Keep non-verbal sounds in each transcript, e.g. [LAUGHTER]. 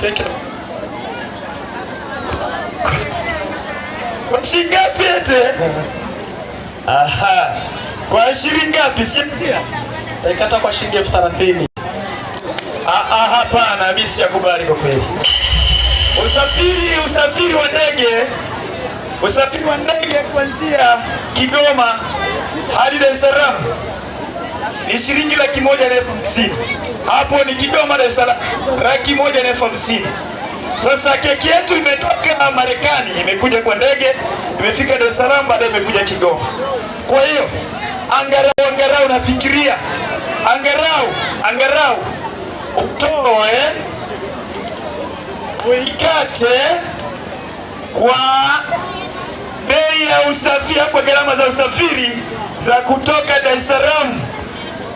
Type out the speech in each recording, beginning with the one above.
keki. Kwa shilingi ngapi ete? Aha. Kwa shilingi ngapi? Si Nikata kwa shilingi elfu thelathini. Ah, hapana, mimi sikubali kwa kweli. Usafiri, usafiri wa ndege. Usafiri wa ndege kuanzia Kigoma hadi Dar es Salaam ni shilingi laki moja na elfu hamsini hapo ni Kigoma, Dar es Salaam, laki moja na elfu hamsini. Sasa keki yetu imetoka Marekani, imekuja kwa ndege, imefika Dar es Salaam, baadaye imekuja Kigoma. Kwa hiyo angarau, angarau nafikiria angarau, angarau utoe eh? uikate kwa bei ya usafiri, kwa gharama za usafiri za kutoka Dar es Salaam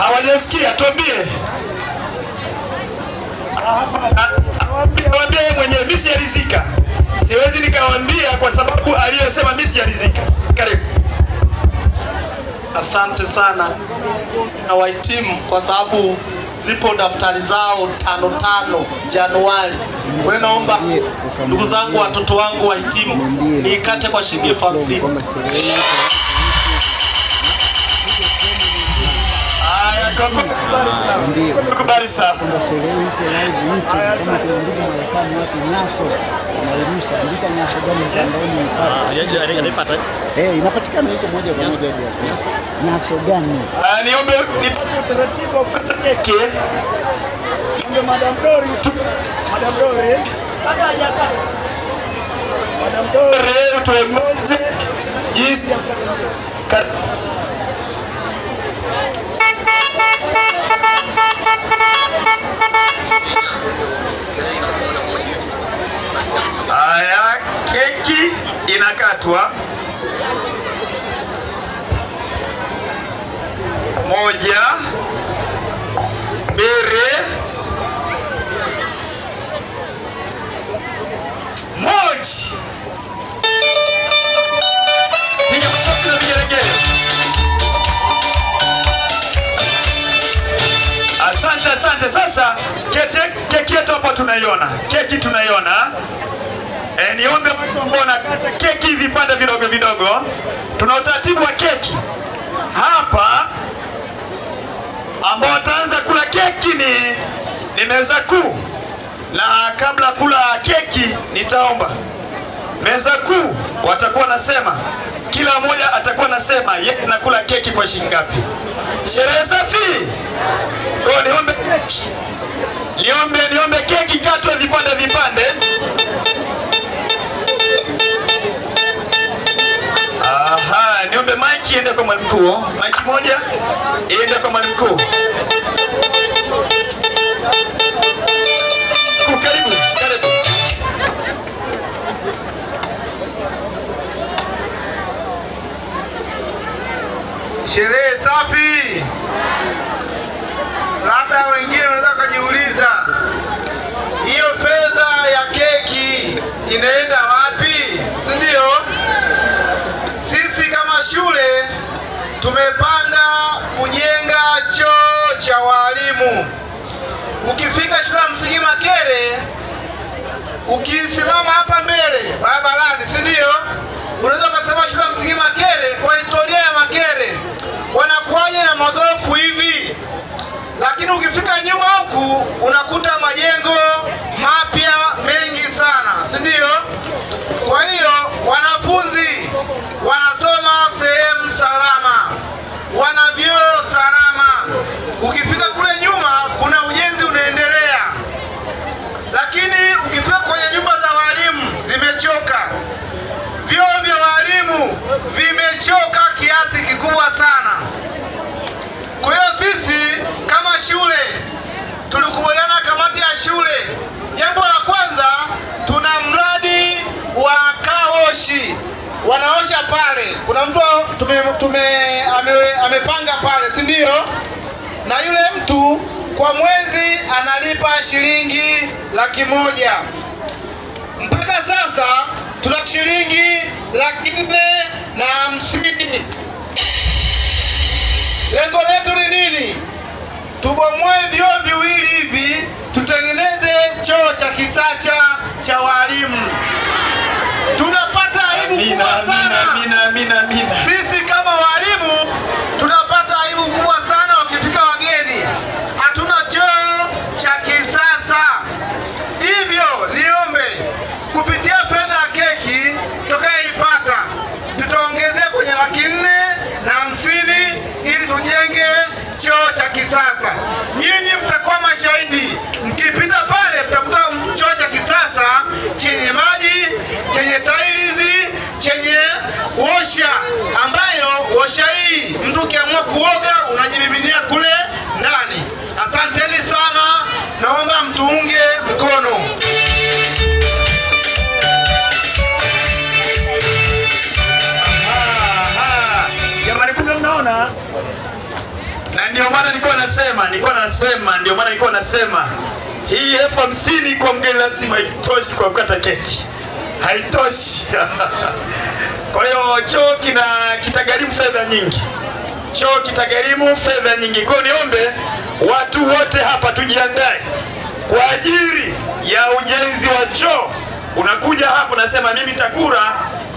hawajasikia, tuambie Awaambia yeye mwenyewe, mimi sijaridhika, siwezi nikawambia kwa sababu aliyosema mimi sijaridhika. Karibu. Asante sana na wahitimu, kwa sababu zipo daftari zao tano tano Januari. Wewe naomba ndugu zangu, watoto wangu wahitimu, niikate kwa shilingi elfu hamsini. Nakubali Kuna sherehe Marekani watu nyaso wanairusha, nyaso gani mtandaoni inapatikana iko ah, moja kwa moja hadi sasa. Nyaso gani? niombe nipate utaratibu wa kukata keki. Niombe Madam Dori. Madam Dori. Bado hajakata. Madam Dori tuongoze jinsi ya kukata. Aya, keki inakatwa. tunaiona, keki tunaiona. E, niombe mtu ambao anakata keki vipande vidogo vidogo, tuna utaratibu wa keki hapa, ambao wataanza kula keki ni, ni meza kuu, na kabla kula keki nitaomba meza kuu watakuwa nasema, kila mmoja atakuwa nasema ye nakula keki kwa shilingi ngapi. Sherehe safi, kwa niombe keki vipande aha, niombe maiki iende kwa mwalimu mkuu, maiki moja iende kwa mwalimu mkuu. tumepanga kujenga choo cha walimu. Ukifika shule ya msingi Makere, ukisimama hapa mbele barabarani, si ndio? Unaweza ukasema shule ya msingi Makere, kwa historia ya Makere wanakuwaje na magofu hivi? Lakini ukifika nyuma huku unakuta majengo tume, tume ame, amepanga pale, si ndio? Na yule mtu kwa mwezi analipa shilingi laki moja mpaka sasa tuna shilingi laki nne na hamsini. Lengo letu ni nini? Tubomoe vyoo viwili hivi, tutengeneze choo cha kisacha cha walimu. Tunapata aibu kubwa sana sisi Sasa maana nilikuwa nasema, nilikuwa nasema, ndio maana nilikuwa nasema hii elfu hamsini kwa mgeni lazima haitoshi kwa kukata keki, haitoshi [LAUGHS] kwa hiyo choo kina kitagharimu fedha nyingi, choo kitagharimu fedha nyingi. Kwa hiyo niombe watu wote hapa tujiandae kwa ajili ya ujenzi wa choo. Unakuja hapo unasema mimi TAKURA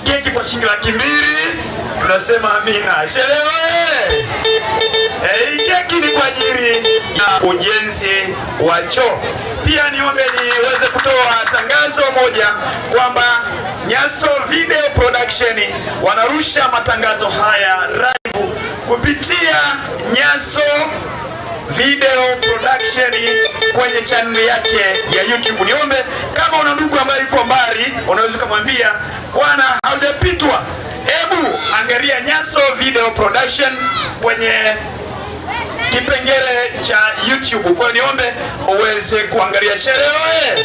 keki kwa shilingi laki mbili, unasema amina sherehe. Hey. wa choo. Pia niombe niweze kutoa tangazo moja kwamba Nyaso Video Production wanarusha matangazo haya live kupitia Nyaso Video Production kwenye channel yake ya YouTube. Niombe kama una ndugu ambaye yuko mbali, unaweza kumwambia bwana, haujapitwa, hebu angalia Nyaso Video Production kwenye cha YouTube. Kwa niombe uweze kuangalia sherehe